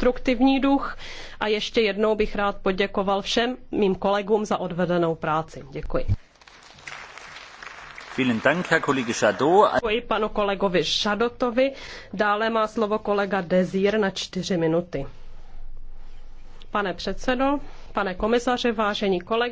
konstruktivní duch a ještě jednou bych rád poděkoval všem mým kolegům za odvedenou práci. Děkuji. Děkuji panu kolegovi Šadotovi. Dále má slovo kolega Dezír na čtyři minuty. Pane předsedo, pane komisaři, vážení kolegové,